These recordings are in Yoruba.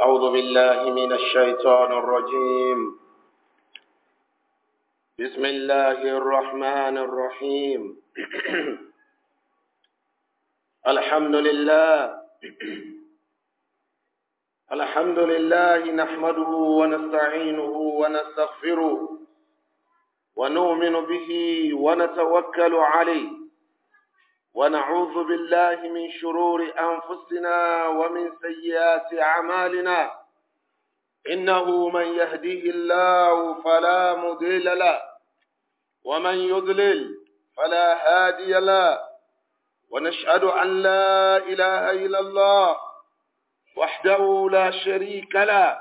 أعوذ بالله من الشيطان الرجيم بسم الله الرحمن الرحيم الحمد لله الحمد لله نحمده ونستعينه ونستغفره ونؤمن به ونتوكل عليه ونعوذ بالله من شرور أنفسنا ومن سيئات أعمالنا إنه من يهديه الله فلا مضل له ومن يضلل فلا هادي له ونشهد أن لا إله إلا الله وحده لا شريك له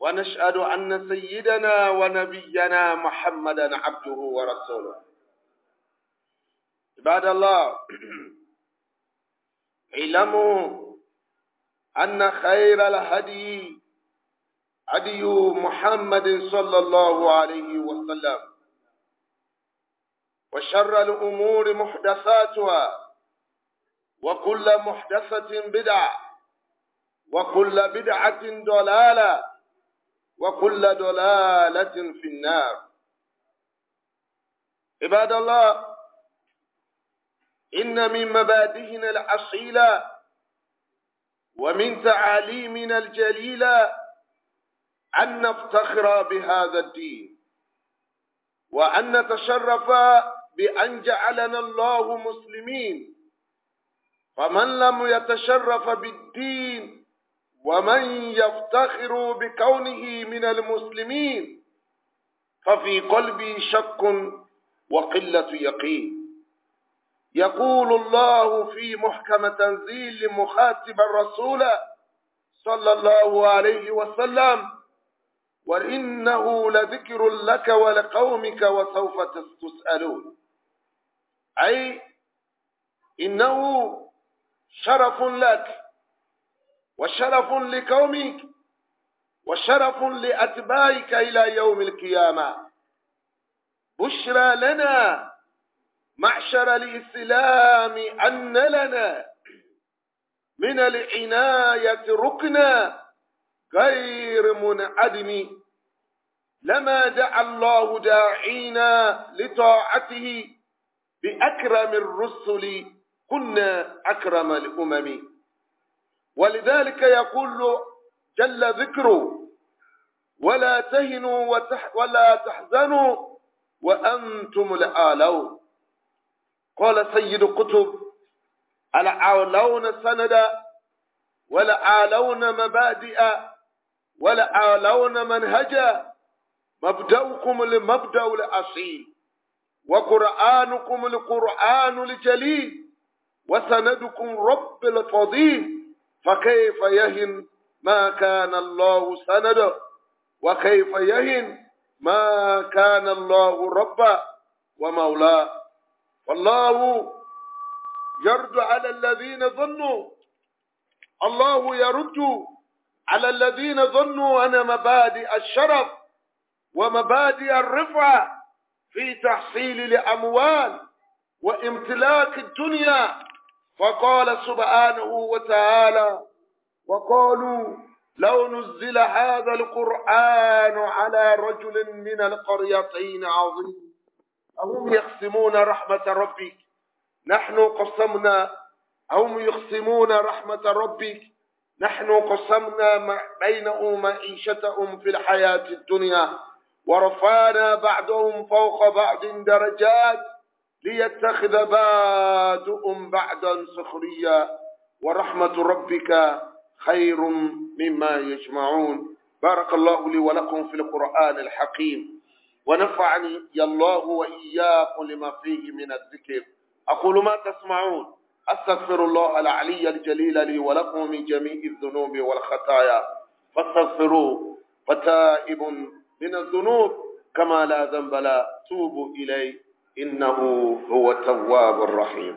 ونشهد أن سيدنا ونبينا محمدا عبده ورسوله عباد الله اعلموا أن خير الهدي هدي محمد صلى الله عليه وسلم وشر الأمور محدثاتها وكل محدثة بدعة وكل بدعة ضلالة وكل ضلالة في النار عباد الله إن من مبادئنا الأصيلة ومن تعاليمنا الجليلة أن نفتخر بهذا الدين وأن نتشرف بأن جعلنا الله مسلمين فمن لم يتشرف بالدين ومن يفتخر بكونه من المسلمين ففي قلبي شك وقلة يقين يقول الله في محكم تنزيل مخاطبا الرسول صلى الله عليه وسلم وإنه لذكر لك ولقومك وسوف تسألون أي إنه شرف لك وشرف لقومك وشرف لأتباعك إلى يوم القيامة بشرى لنا معشر الإسلام أن لنا من العناية ركنا غير منعدم لما دعا الله داعينا لطاعته بأكرم الرسل كنا أكرم الأمم ولذلك يقول جل ذكره ولا تهنوا ولا تحزنوا وأنتم الآلون قال سيد قطب على عالون سندا ولا عالون مبادئ ولا عالون منهجا مبدؤكم المبدأ الأصيل وقرآنكم القرآن الجليل وسندكم رب الفضيل فكيف يهن ما كان الله سندا وكيف يهن ما كان الله ربا ومولاه الله يرد على الذين ظنوا الله يرد على الذين ظنوا أن مبادئ الشرف ومبادئ الرفعة في تحصيل الأموال وامتلاك الدنيا فقال سبحانه وتعالى وقالوا لو نزل هذا القرآن على رجل من القريتين عظيم أهم يقسمون رحمة ربك نحن قسمنا هم يقسمون رحمة ربك نحن قسمنا بينهم معيشتهم في الحياة الدنيا ورفعنا بعضهم فوق بعض درجات ليتخذ بعضهم بعضا سخريا ورحمة ربك خير مما يجمعون بارك الله لي ولكم في القرآن الحكيم ونفعني يا الله وإياكم لما فيه من الذكر أقول ما تسمعون أستغفر الله العلي الجليل لي ولكم من جميع الذنوب والخطايا فاستغفروه فتائب من الذنوب كما لا ذنب لا توب إليه إنه هو التواب الرحيم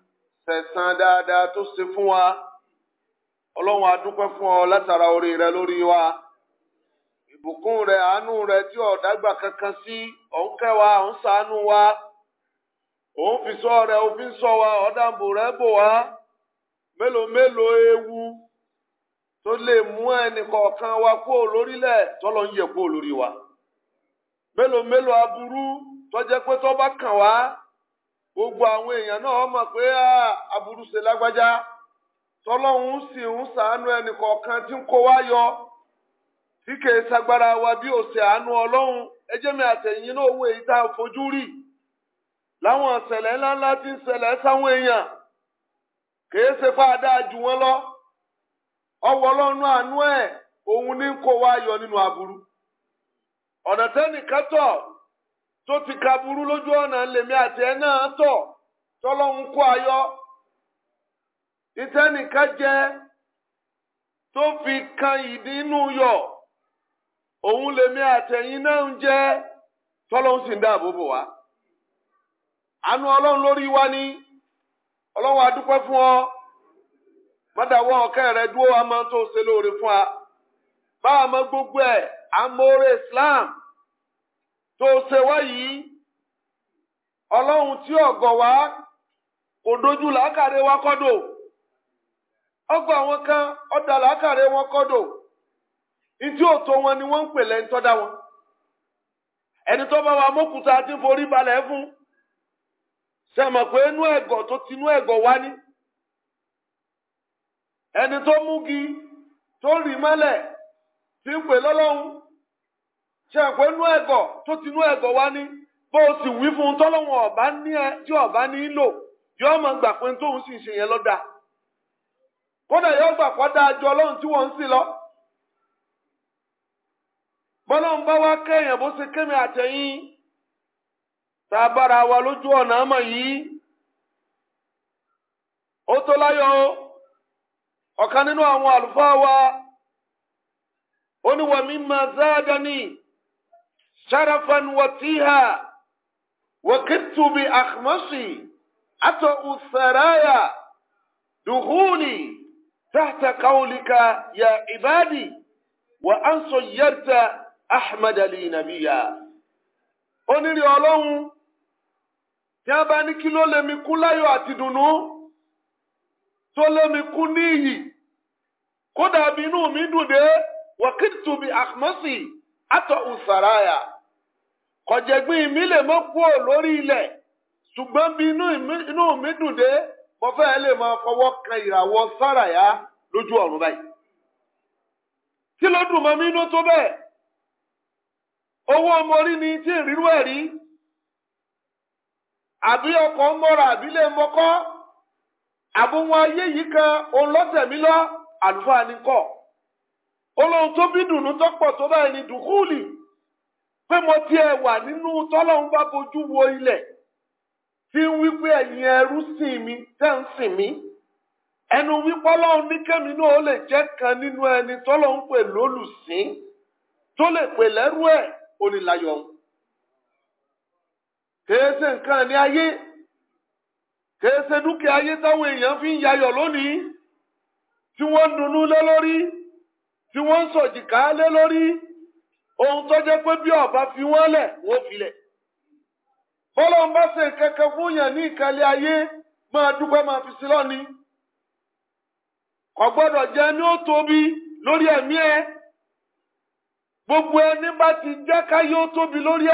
tẹ̀sán dáadáa tó ṣe fún wa ọlọ́run a dúpẹ́ fún ọ látara orí rẹ lórí wa ìbùkún rẹ àánú rẹ tí ọ̀dàgbà kankan sí òun kẹ́ wa òun ṣàánú wa òun fi sọ rẹ òfin sọ wa ọ̀dàbò rẹ bò wá mélòó mélòó ewu tó lè mú ẹnì kọ̀ọ̀kan wa kó lórílẹ̀ tọ́lọ́ ń yẹ kó lórí wa mélòó mélòó aburú tó jẹ́ pé tó bá kàn wá gbogbo àwọn èèyàn náà mọ̀ pé ah, aburú ṣe lágbájá tọ́lọ́hún sì ń ṣàánú ẹnì kọ̀ọ̀kan tí ń kó wá yọ tí kèé sagbára wa bí òsè àánú ọlọ́run ẹjẹ́ mi àtẹ̀yìn náà owó èyí tá a fojú rí láwọn ìṣẹ̀lẹ̀ ńláńlá ti ń ṣẹlẹ̀ sáwọn èèyàn kèé ṣe fáadáa jù wọ́n lọ ọwọ́ ọlọ́run àánú ẹ̀ òun ní kó wá yọ nínú aburú ọ̀nà tẹ́nìkan tọ̀ tó ti ka burú lójú ọ̀nà lèmi àti ẹ náà tọ̀ tọ́lọ́hún kó ayọ́ nìkan jẹ tó fi kan ìdínú yọ òun lèmi àtẹ̀yìn náà ń jẹ tọ́lọ́hún sì ń dáàbò bò wá lórí wa ni ọlọ́run adúpẹ́ fún ọ mọ́dàwọ́ ọ̀kẹ́ rẹ dúró tó ṣe gbogbo ẹ̀ àmọ́ tó ṣe wá yìí ọlọ́run tí ọ̀gọ̀ kò dojú wa kọ́dọ̀ ọgbà àwọn kan ọ̀dà làákàrẹ wọn kọ́dọ̀ ìdí òtò wọn ni wọ́n ń pè lẹ́yìn tọ́da wọn ẹni tó bá wa mọ́kùtà ti forí balẹ̀ fún sẹ́mọ̀ pé inú tó ti inú ṣe pé ego to tó ti inú ẹ̀gọ̀ wá ní bó o sì wí fún un tọ́lọ́wọ́n ọ̀bá ní ẹ tí ọ̀bá ní lò yóò máa gbà pé ṣe yẹn lọ́dà yóò gbà pọ́ da ju ọlọ́run tí wọ́n ń sìn lọ. bọ́lọ́run bá wá kẹ́yìn bó ṣe kẹ́mi àtẹ̀yìn tá a bára wa lójú ọ̀nà àmọ̀ yìí ó tó láyọ̀ ọ̀kan nínú àwọn àlùfáà wa ó ní شرفا وتيها وكدت بأخمصي أطأ الثرايا دخولي تحت قولك يا عبادي وأن صيرت أحمد لي نبيا onírè ọlọ́run tí a bá ní kí ló lè mi kú láyọ̀ àti dùnú tó lè mi kú níyì kódà bí inú mi dùn dé wàkìtù bí àkmọ́sì àtọ̀ ùsàráyà kọjẹgbin mi lè mọ́ kúrò lórí ilẹ̀ ṣùgbọ́n bí inú mi dùn dé mo fẹ́ lè máa fọwọ́ kan ìràwọ̀ sáràyá lójú ọ̀run báyìí. kí ló dùn mi inú tó owó ọmọ ni tí ìrírú ẹ̀ rí àbí ọkọ̀ ń àbí lè àbúwọn ayé yìí kan ni olóhun pé mo tiẹ̀ wà nínú tọ́lọ́run bá bojú wo ilẹ̀ tí ń wípé ẹ̀yin ẹrú sìn mi tẹ́ ń sìn mí ẹnu wípé ọlọ́run ní kẹ́mi náà ó lè jẹ́ kan nínú ẹni tọ́lọ́run pè lólùsìn tó lè pè lẹ́rú ẹ̀ onílayọ̀ ọ̀hún. kèé ṣe nǹkan ní ayé kèé ṣe dúkìá ayé táwọn èèyàn fi ń yayọ̀ lónìí tí wọ́n ń dunnú lé lórí tí wọ́n ń sọ̀jìká lé lórí. ohun tó jẹ́ pé bí ọba fi wọ́n lẹ̀ wọ́n fi lẹ̀ bá ṣe ma fún yàn ní ayé máa fi ni kò gbọdọ ní ó tóbi lórí gbogbo ẹni bá ti jẹ́ lori emi tóbi lórí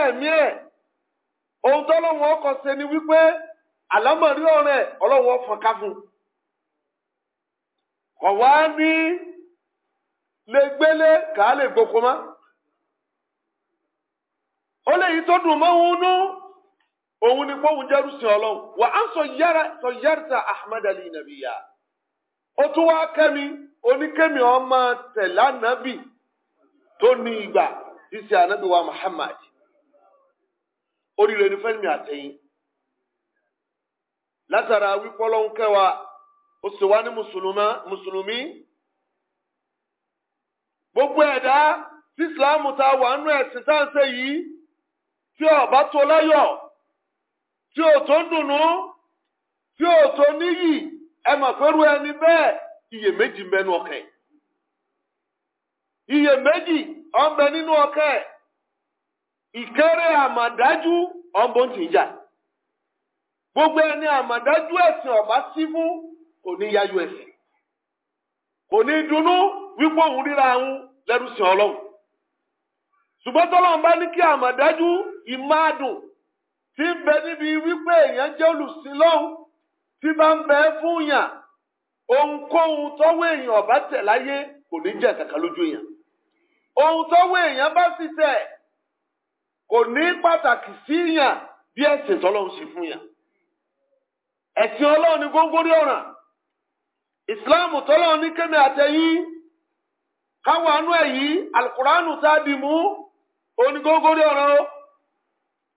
ohun tó ni wípé àlámọ̀rí ọ̀rẹ́ ọlọ́wọ́ fọ̀nká fún kò wá ní lè gbélé eléyìí tó dùn mọ́ òun nú òun ni pọ́ùn jẹ́rú sí ọlọ́run wà á sọ yára sọ yárta ahmed ali nàbíyà ó tún wá kẹ́mi oníkẹ́mi ọmọ tẹ̀lá nàbì tó ní ìgbà sísè ànábì wa muhammad oríire ní fẹ́mi àtẹ̀yìn látara wípọ́lọ́hún kẹwàá ó sì wá ní mùsùlùmí gbogbo ẹ̀dá tí ìsìláàmù ta wà nínú tí ọba tó láyọ̀ tí ò tó dùnú tí ò tó níyì ẹ pẹ̀lú ẹni bẹ́ẹ̀ iyèméjì mẹ́nu ọkẹ́ iyèméjì ọ̀nbẹ nínú ọkẹ́ ìkéré àmàdájú ń gbogbo ẹni àmàdájú ẹ̀sìn sí fún kò ní yáyọ ẹ̀sìn kò ní wípé òun ríra lẹ́rù sí ìmáàdùn tí ń bẹ níbi wípé èèyàn jẹ́ olùsìn lọ́hùn tí bá ń bẹ fún yàn ohunkóhun tọ́wọ́ èèyàn ọ̀bá tẹ̀ láyé kò ní jẹ́ kàkà lójú yàn ohun tọ́wọ́ èèyàn bá sì tẹ̀ kò ní pàtàkì sí yàn bí ẹ̀sìn tọ́lọ́hún sì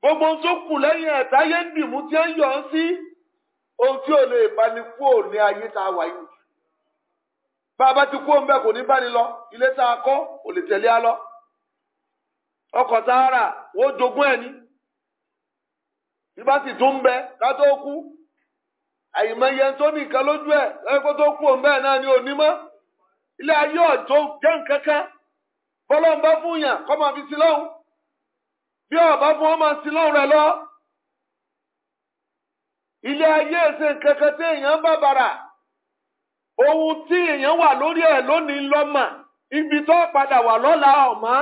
gbogbo tó kù lẹ́yìn ẹ̀ táyé ń dìmú tí ó ń yọ̀ ń sí ohun tí ò lè bani kú ò ní ayé tá a wà yìí bá a bá ti kú òun kò ní bá ní lọ ilé tá a kọ́ ò lè tẹ̀lé a lọ ọkọ̀ a jogún ẹ̀ ní ibà sì tún bẹ ká tó ni mọ́ ilé bí ọba fún ọmọ sí lọ́rùn rẹ lọ. ilé ayé ẹsẹ kankan tí èèyàn bá bàrà ohun tí èèyàn wà lórí ẹ̀ lónìí lọ́mà ibi tó padà wà lọ́la ọ̀mọ́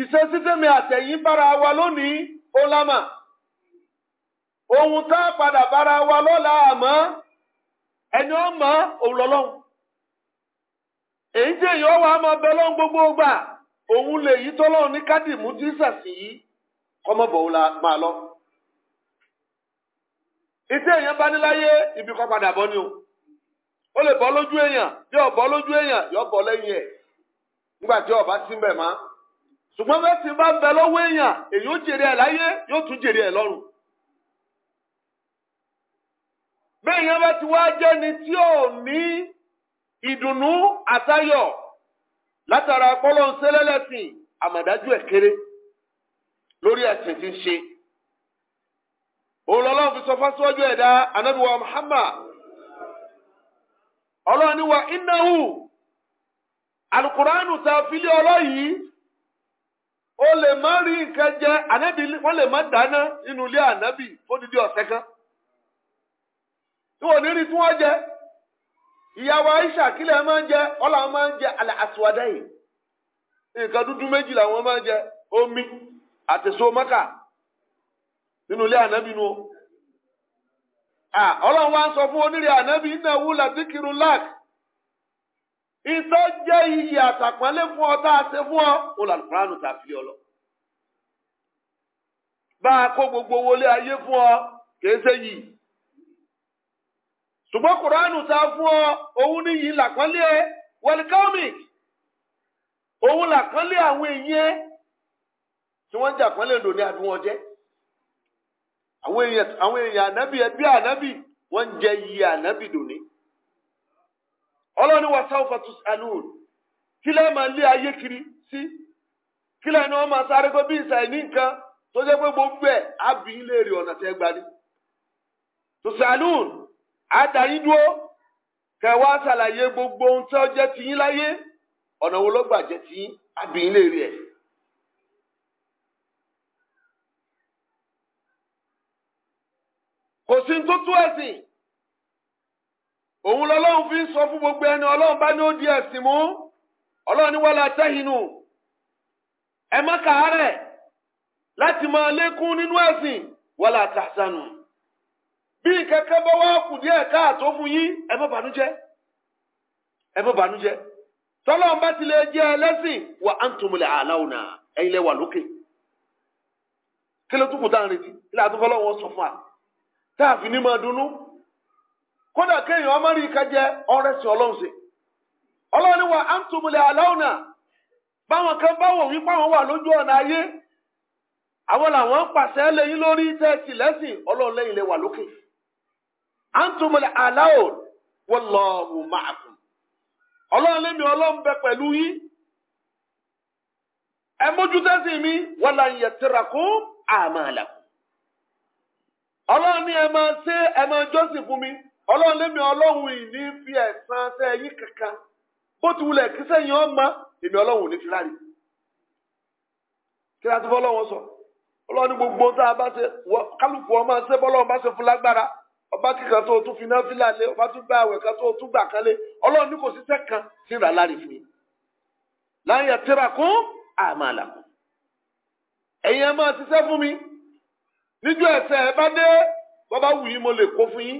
ìṣesítẹ́mi àtẹ̀yìn bára wa lónìí ó lámà ohun tá a padà bára wa lọ́la àmọ́ ẹni ọmọ òun lọ́lọ́hun èyí tí èèyàn wà á máa bẹ lọ́hun gbogbo gbà. òun lè yí tọ́lọ́run ní kádìmú Jesus yìí kọ́mọ́bọ̀ òun máa lọ. ìtẹ́ èèyàn bá ní ibi kan padà o ó lè bọ́ lójú èèyàn bí ó lójú èèyàn yóò bọ́ lẹ́yìn ẹ̀ nígbà tí ó bá sí mbẹ̀ mọ́ ṣùgbọ́n bẹ́ẹ̀ tí bá ń bẹ lọ́wọ́ èèyàn èyí ó jèrè ẹ̀ láyé yóò tún jèrè ẹ̀ ti wá ni tí ò látara pọ́lọ́ ń sẹ́lẹ̀lẹ́sìn àmọ̀dájú ẹ̀ kéré lórí ẹ̀sìn tí ń ṣe. Ọlọ́run fi sọ fásiwájú ẹ̀dá Ànábì wa Muhammad. Ọlọ́run ní wa innahu alukuraanu ta fili ọlọ́yìí ó lè má rí nǹkan jẹ ànábì wọ́n lè má dáná nínú ilé fódìdí ọ̀sẹ̀ kan. Tí wọ́n ìyàwó Aisha kílẹ̀ máa ń jẹ ọlà máa ń jẹ alẹ́ àtúwádá yìí nǹkan dúdú méjì làwọn máa ń jẹ omi àti sọmọkà nínú ilé ànábì nu à ọlọ́run wá ń sọ fún onírè ànábì iná wúlà tí kiri lak ìtọ́ jẹ́ iyì àtàpọ́nlé fún ọ tá a ṣe fún ọ olùkọ́ránù tá a fi ọ lọ bá a kó gbogbo wọlé ayé fún ọ kì í ṣe yìí. ṣùgbọ́n kùránù ta fún ọ òun níyì làkánlé ẹ wẹlikọ́mìk òun làkánlé àwọn èèyàn tí wọ́n jà pọ́nlé lò ní àdúgbò ọjẹ́ àwọn èèyàn ànábì ẹbí ànábì wọ́n ń jẹ iye ànábì dòní ọlọ́ni wa sáwọ́ fatus alun kí lẹ́ẹ̀ máa lé ayé kiri sí kí lẹ́ẹ̀ ni wọ́n máa sáré bí ní nǹkan tó jẹ́ pé gbogbo ẹ̀ á bí ilé rè ọ̀nà tẹ́ gbani ada yín dúró kẹ wá ṣàlàyé gbogbo ohun tí ó jẹ́ tiyín láyé ọ̀nà wo ló gbà jẹ́ tiyín àbíyín lè rí ẹ̀. kò sí ní tó ẹ̀sìn òun lọ́lọ́run fi ń sọ fún gbogbo ẹni ọlọ́run bá ní ó di ẹ̀sìn mú ọlọ́run ní wàhálà tẹ́hìnù ẹ má kàárẹ̀ láti máa lékún nínú ẹ̀sìn wàhálà tàṣánù. bí kẹkẹ bá wá kù díẹ káàtó fún yín ẹ má bànújẹ́ ẹ má bànújẹ́ tọ́lọ́n bá ti jẹ́ ẹlẹ́sìn wà á ń tòmùlẹ̀ ẹ̀yin lẹ́wà lókè kí ló tún kù tá à ń retí kí ló lọ́wọ́ sọ fún wa tá a fi ní máa dunnú kódà kéèyàn ọmọ rí ká jẹ ọlọ́run ọlọ́run wà á ń tòmùlẹ̀ báwọn kan bá wípé àwọn wà lójú ọ̀nà ayé àwọn làwọn أنتم alaun wallahu ma'akum ọlọ́run lémi ọlọ́run bẹ pẹ̀lú yín ẹ mójútẹ́sí mi wala yatirakum a'malakum ọlọ́run ní ẹ máa ṣe ẹ máa jọ́sìn fún mi ọlọ́run lémi ọlọ́run ìní fi ẹ̀san tẹ́ yín kankan bó ti wulẹ̀ kí sẹ́yìn ọmọ èmi ọlọ́run ò ní fi rárí kí láti fọ́ ọlọ́run sọ ọlọ́run ní gbogbo tá a bá ṣe kálukú ọmọ ṣe bọ́lọ́run bá ṣe fún lágbára ọba kíkan tó o tún fi náfìlà lé ọba tún gbá àwẹ̀ kan tó o tún gbà kan lé ọlọ́run ní kò síṣẹ́ kan tí ń rà láre fún yín láyé tẹ́ra kún àmàlà kún ẹ̀yin ẹ máa ṣiṣẹ́ fún mi níjọ́ ẹ̀sẹ̀ ẹ bá dé bọ́bá wù yín mo lè kó fún yín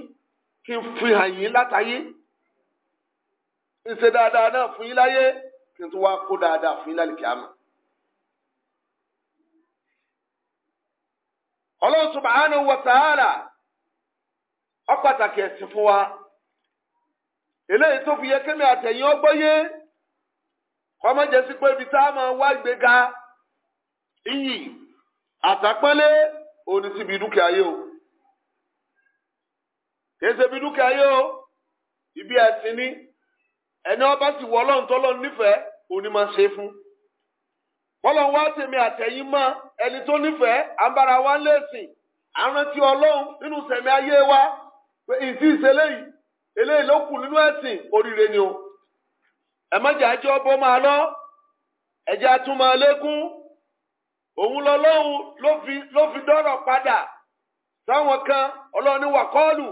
kí n fi hàn yín látàyé kí n ṣe dáadáa náà fún yín láyé kí n tún wá kó dáadáa fún yín lálẹ́ kíámà. Allah subhanahu wa ta'ala. a pataki esi efuwa eleyi to fu ya keme ati eyi ogbe ye kɔma nje si wa igbe ga iyi atakpele onisibi duka yo kesebi duka yo ibi etini enyiwa basi wɔlɔ ntɔlɔ n'ife onima nsefu bɔlɔ wa ati emi ati eyi ma enito n'ife amara wa n'esi ahanti ɔlɔwụ n'usemi aye wa. pé ìtì ìṣẹ̀lẹ̀ eléyìí ló kù nínú ẹ̀sìn oríire ni o ẹ má jẹ́ àjọ bó máa lọ ẹ̀jẹ̀ atún máa lékún òun lọ́lọ́run ló fi dọrọ padà sáwọn kan ọlọ́run ní wàkọ́ọ̀lù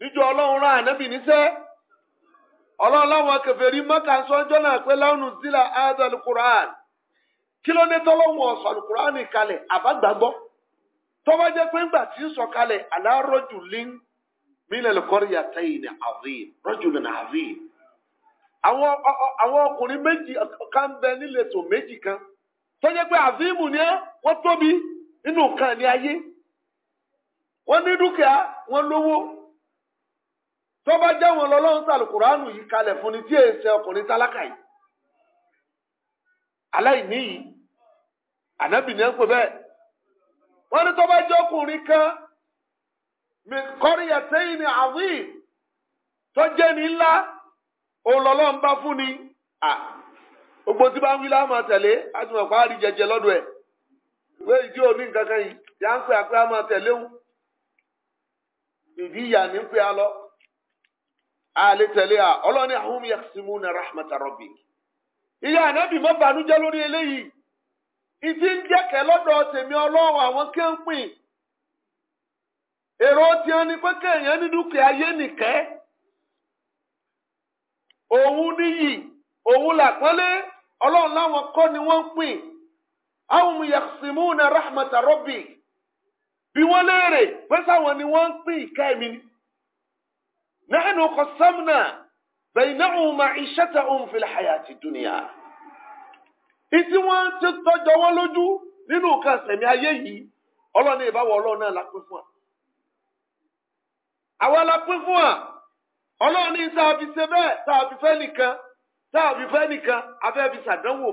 níjọ ọlọ́run rán ànábì níṣẹ́ ọlọ́run láwọn kèfèrí Mẹ́kà sọ́jọ́ náà pé láwùnú zila adal quran kí ló dé tọ́lọ́wọ̀n ọ̀sọ̀ alukuran kalẹ̀ àbágbàgbọ́ pé ńgbà tí ń sọ min al-qaryatayn azim rajulun azim àwọn ọkùnrin méjì kan bẹ níletò méjì kan tó jẹ́ pé azimu ni ẹ́ tóbi nínú kan ní ayé wọn ní dúkìá wọn lówó tó bá jẹ́ wọn lọ́lọ́run sàlùkùránù yìí kalẹ̀ fún ni tí ọkùnrin tálákà yìí aláìní yìí ànábì ni ẹ ń pè ní tó bá ọkùnrin kan kọ́ríyàtẹ́yìn ni àwìn tí bá ń wí tẹ̀lé jẹjẹ lọ́dọ̀ ẹ̀ ìdí nǹkan kan yìí ya ń pè àpé tẹ̀lé ìdí a lọ tẹ̀lé ọlọ́ni na rahmata ìyá ànábì mọ́ bànújẹ́ lórí eléyìí ìdí ń jẹ́kẹ̀ lọ́dọ̀ tèmi ọlọ́run àwọn kéńpìn èrò tiẹ̀ ni pé kéèyàn ní dúkìá yé nìkẹ́ òun níyì òun làpọ́nlé ọlọ́run láwọn kọ́ ni wọ́n ń pín àwọn yaqsimuna rahmata bí wọ́n léèrè pé ni wọ́n ń pín mi ni. nahnu qassamna baynahum ma'ishatahum ìtí náà lápẹ́ fún àwa la pín fún wa ọlọ́run ní a ṣe bẹ́ẹ̀ tá fẹ́ nìkan tá fẹ́ nìkan afẹ́ fi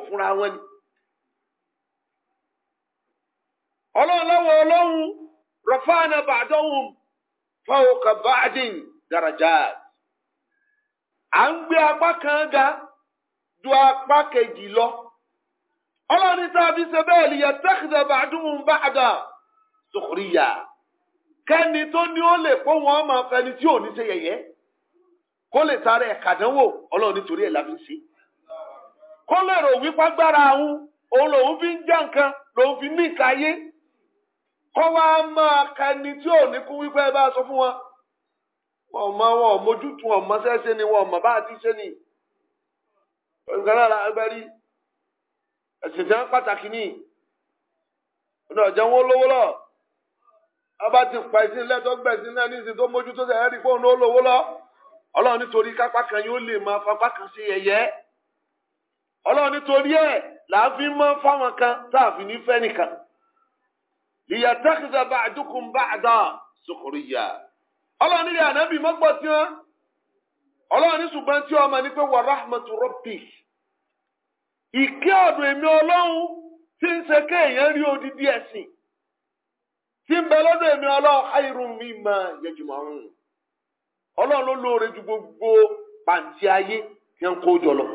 fúnra wọn ni. ọlọ́run lọ́wọ́ ọlọ́run à ń gbé apá kan ga ju apá kejì lọ. ọlọ́run ní tá a fi ṣe bẹ́ẹ̀ kẹ́ni tó ní ó lè kó wọn máa fẹni tí ò ní ṣe kó lè sáré ẹ̀kàdánwò ọlọ́run nítorí ẹ̀ láfi kó lè rò wípé agbára òun òun lòun fi ń já nǹkan lòun fi ní ìka ayé kó tí ò ní kú wípé sọ fún wọn mọ wọn wọn mọ ni wọn mọ bá ti bá ti pa ẹ̀sìn lẹ́tọ́ gbẹ̀sìn náà nísìnyí tó mójútó sẹ̀ ẹ́rì fóun ló lówó lọ ọlọ́run nítorí kápá kan yóò lè máa fapá kan ṣe yẹ̀yẹ́ ọlọ́run nítorí ẹ̀ làáfi máa ń fáwọn kan táàfin ní fẹ́ nìkan ìyàtàkìtà bá àdúkùn bá àdá sùkúrìyà ọlọ́run nílẹ̀ ànábì mọ́gbọ́ tí wọ́n ọlọ́run ní ṣùgbọ́n tí ọmọ ní pé wà rahmatu rabbik tí ń bẹ lọ́dọ̀ mi máa ọlọ ọ̀run ọlọ́run ló gbogbo pàǹtí ayé tí wọ́n jọ lọ.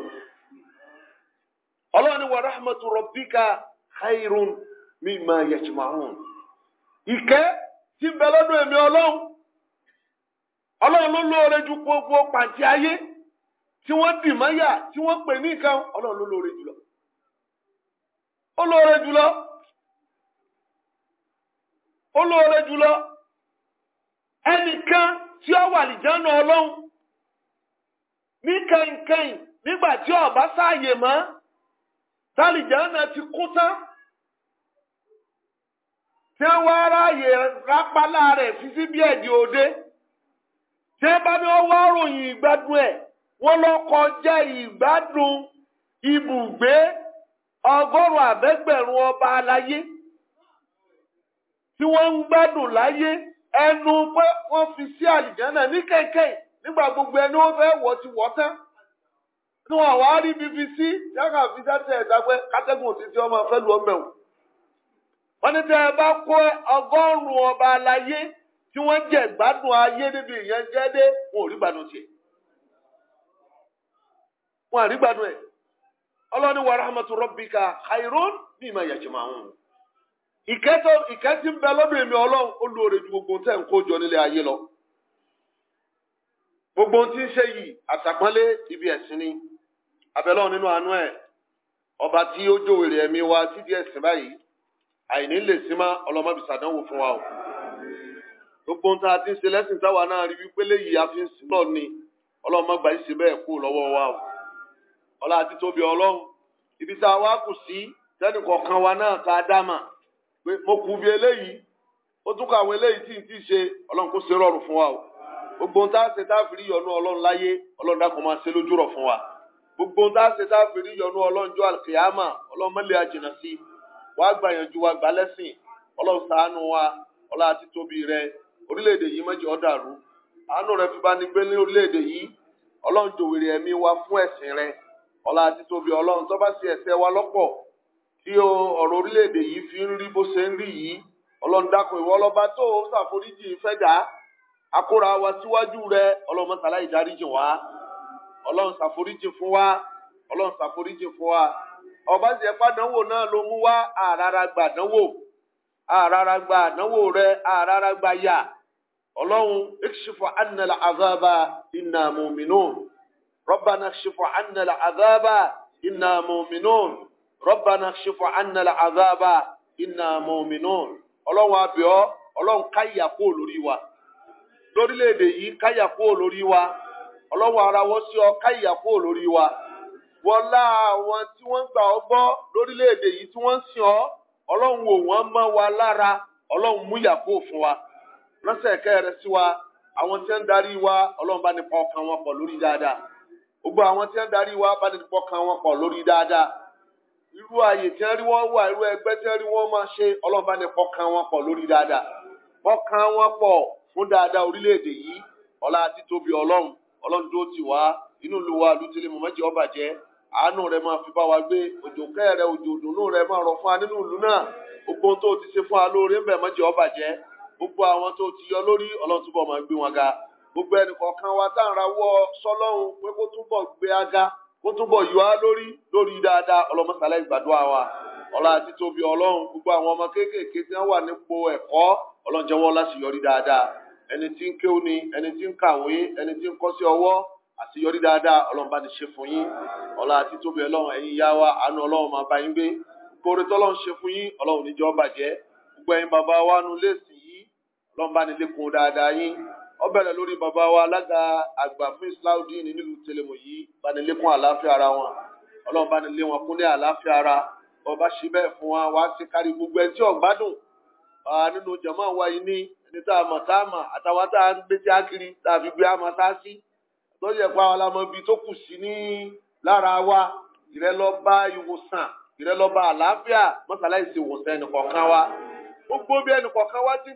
ọlọ́run ni wà rahmatu rabbika ayírun mi máa yẹjùmọ̀ ọ̀run ìkẹ́ tí ọlọ́run ọlọ́run ló lóore gbogbo pàǹtí ayé tí wọ́n dì tí wọ́n pè ní olóore jùlọ ẹnìkan tí ó wà lìjánà ọlọ́run ní kẹ́hìnkẹ́hìn nígbà tí ọba sáàyè mọ́ tálìjánà ti kú tán tí wọ́n wá ráàyè rápálá rẹ̀ fi bí ẹ̀dì òde tí bá ní ọwọ́ ròyìn ìgbádùn ẹ̀ wọ́n ọba tí wọ́n ń gbádùn láyé ẹnu pé wọ́n fi sí ní kẹ̀kẹ́ nígbà gbogbo ẹni wọ́n fẹ́ wọ̀ ti wọ̀ tán ní wọn wá rí bíbí sí yàrá ọmọ fẹ́ lu ọmọ ẹwọn. wọ́n ní tẹ́ ẹ bá kó ọgọ́rùn-ún ọba tí wọ́n gbádùn ayé níbi wọn ò rí ìkẹ́tọ́ ìkẹ́tí ń bẹ lọ́dún èmi ọlọ́run olóore ju gbogbo tẹ́ ń kó jọ nílé ayé lọ. gbogbo tí ń ṣe yìí àtàpọ́nlé ibi ẹ̀sìn ni abẹ́lọ́ nínú àánú ẹ̀ ọba tí ó jòwèrè ẹ̀mí wa títí ẹ̀sìn báyìí àìní lè sí má ọlọ́mọbìsà dánwò fún wa o. gbogbo tá a ti ń ṣe lẹ́sìn táwa náà rí wípé léyìí a fi ń sin lọ ni ọlọ́mọ gbà í bẹ́ẹ̀ kú lọ́wọ́ wa o. ọlá àti tóbi ọlọ́run ibi tá a wá kù sí tẹ́nìkọ̀ọ̀kan wa náà tá a dá mà pé mo kù bí eléyìí ó tún kọ àwọn eléyìí tí n ti ṣe ọlọ́run kó ṣe rọrùn fún wa o gbogbo ohun tá a ṣe tá a fi rí yọ́nú ọlọ́run láyé ọlọ́run dákun máa ṣe lójú rọ̀ fún wa gbogbo ohun tá a ṣe tá a fi rí yọ́nú ọlọ́run jọ àkìyàmà ọlọ́run mọ́lẹ̀ àjìnà sí wàá gbà yànjú wa gbà lẹ́sìn ọlọ́run ṣàánú wa ọlọ́run àti tóbi rẹ orílẹ̀-èdè yìí mọ́jọ́ dàrú àánú rẹ fi bá ní gbé ní orílẹ̀-èdè yìí ọlọ́run tí ọ̀rọ̀ orílẹ̀-èdè yìí fi ń rí bó ṣe ń rí yìí ọlọ́run dákun ìwọ ọlọ́ba tó ṣàforíjì fẹ́gà akóra wa síwájú rẹ ọlọ́run mọ́sálá ìdáríjì wá ọlọ́run ṣàforíjì fún wa ọlọ́run ṣàforíjì fún wa ọba ṣe náà ló mú wá àràrà gbà dánwò àràrà gbà dánwò rẹ àràrà gbà yà ọlọ́run azaba inna rọ́bànà ṣẹ́fọ ànàlà àzáàbà iná mọ̀mìnà ọlọ́run àbíọ́ ọlọ́run káyà kó lórí wa lórílẹ̀‐èdè yìí káyà wa ọlọ́run ara wọ́n sí ọ káyà kó lórí wa wọlá àwọn tí wọ́n gbà ọ́ gbọ́ lórílẹ̀‐èdè yìí tí wọ́n sìn ọ́ ọlọ́run wò wọ́n mọ́ wa lára ọlọ́run mú yà fún wa wa àwọn tí wa bá wọn pọ̀ lórí dáadáa gbogbo àwọn tí irú ààyè tí wọ́n rí wọ́n wà irú ẹgbẹ́ tí wọ́n rí wọ́n máa ṣe ọlọ́run bá ní pọ́kàn wọn pọ̀ lórí dáadáa pọ́kàn wọn pọ̀ fún dáadáa orílẹ̀-èdè yìí ọlá títóbi ọlọ́run ọlọ́run tó ti wá inú ìlú wa ìlú tilẹ̀ mọ̀ mẹ́jọ ọba jẹ́ àánú rẹ máa fi bá wa gbé òjò kẹ́ rẹ òjò òdùnnú rẹ máa rọ̀ fún wa nínú ìlú náà gbogbo tó ti ṣe fún wa lóore ń bẹ̀ mẹ́jọ ọba jẹ́ gbogbo àwọn tó ti yọ lórí ọlọ́run túbọ̀ máa gbé wọn ga gbogbo ẹnì kọ̀ọ̀kan wa tá à ń rawọ́ sọ́lọ́run pé kó túbọ̀ gbé aga kó túbọ̀ yọ á lórí lórí dáadáa ọlọ́mọsálẹ̀ ìgbàdúrà wa ọlá àti tóbi ọlọ́run gbogbo àwọn ọmọ kéékèèké tí wọ́n wà nípò ẹ̀kọ́ ọlọ́njẹ́wọ́ láti yọrí dáadáa ẹni tí ń kéwú ni ẹni tí ń kàwé ẹni tí ń kọ́ sí ọwọ́ àṣeyọrí dáadáa ọlọ́run bá ti ṣe fún yín ọlá àti tóbi ọlọ́run ẹ̀yin yá wa àánú ọlọ́run máa bá yín gbé gbogbo tọ́lọ́run ṣe fún yín ọlọ́run níjọ́ bàjẹ́ gbogbo ẹ̀yin bàbá wa nu léèsì yìí ọlọ́run bá ní lékun dáadáa yín ó bẹ̀rẹ̀ lórí bàbá wa alága àgbà fún islaudin nílùú tẹlẹmù yìí banilẹ́kùn àlàáfíà ara wọn ọlọ́run banilé wọn kúnlẹ̀ àlàáfíà ara ọba ṣe bẹ́ẹ̀ fún wa wá sí kárí gbogbo ẹni tí ọ̀gbádùn nínú jàmá wa yìí ní ẹni tá a mọ̀ tá a mọ̀ àtàwọn tá a ń gbé tí a kiri tá a fi gbé àmọ́ tá a sí lọ́jọ́ ẹ̀pọ̀ àwọn alamọ ibi tó kù sí ní lára wa ìrẹ́lọ́ba ìwòsàn ìrẹ́lọ́ba àlàáfíà mọ́sálásí ìwòsàn ẹnìkọ̀ọ̀kan wa gbogbo bí ẹnìkọ̀ọ̀kan wa ti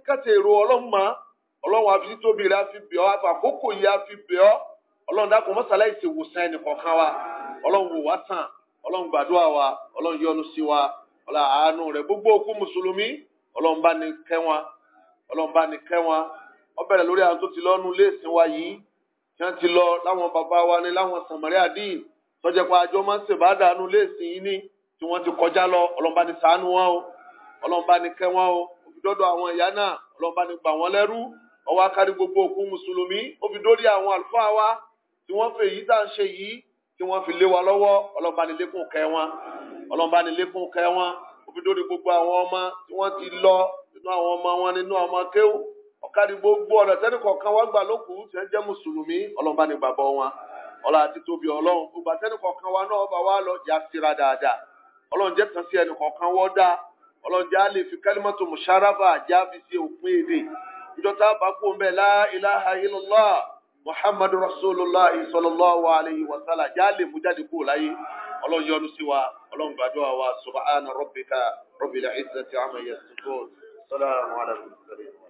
ọlọ́run àfi títóbi rẹ̀ àfi bẹ̀ ọ́ àkókò yìí àfi bẹ̀ ọ́ ọlọ́run dákun mọ́sálá ìṣèwòsàn ẹnìkọ̀ọ̀kan wa ọlọ́run wò wá sàn ọlọ́run gbàdúrà wa ọlọ́run yọ́nú sí wa ọlọ́run àánú rẹ̀ gbogbo òkú mùsùlùmí ọlọ́run bá ní kẹ́ wọn ọlọ́run bá ní kẹ́ wọn ó bẹ̀rẹ̀ lórí àwọn tó ti lọ́nu léèsìn wa yìí tí wọ́n ti lọ láwọn bàbá wa ní láwọn sàmárì àdìyìn tọ́jẹ́ pa àjọ máa ń ṣèbádàánú léèsìn yìí ní tí wọ́n ti kọjá lọ ọlọ́run bá ní ṣàánú wọn o ọlọ́run bá ní kẹ́ wọn o òfìdọ́dọ̀ àwọn ìyá náà ọlọ́run bá ní gbà wọ́n lẹ́rú ó wá kárí gbogbo òkú mùsùlùmí ó fi dórí àwọn àlùfáà wa tí wọ́n fi èyí tá à ń ṣe yìí tí wọ́n fi lé wa lọ́wọ́ ọlọ́mbanilẹ́kùn kẹ́ wọn ọlọ́mbanilẹ́kùn kẹ́ wọn ó fi dórí gbogbo àwọn ọmọ tí wọ́n ti lọ nínú àwọn ọmọ wọn nínú ọmọ kéwù ó gbogbo ọ̀rọ̀ tẹ́nì kọ̀ọ̀kan wá gbà lókù tí wọ́n jẹ́ mùsùlùmí ọlọ́mbanigbàbọ̀ wọn ọlá àti tóbi ọlọ́run gbogbo àtẹ́nì kọ̀ọ̀kan wa náà bá wá lọ jà síra dáadáa ọlọ́run jẹ́ tán sí ẹnì kọ̀ọ̀kan wọ́n dáa ọlọ́run jẹ́ á lè fi kálímọ́tò mùsáràbà já fi òpin èdè ìjọta bá kú ń bẹ la ilaha illallah muhammadu rasulullah sallallahu alayhi wa sallam já lè mú jáde kúrò láyé ọlọ́run yọ́nú sí wa ọlọ́run gbàdúrà wa subhana rabbika rabbil izzati amma yasifun salamu alaykum.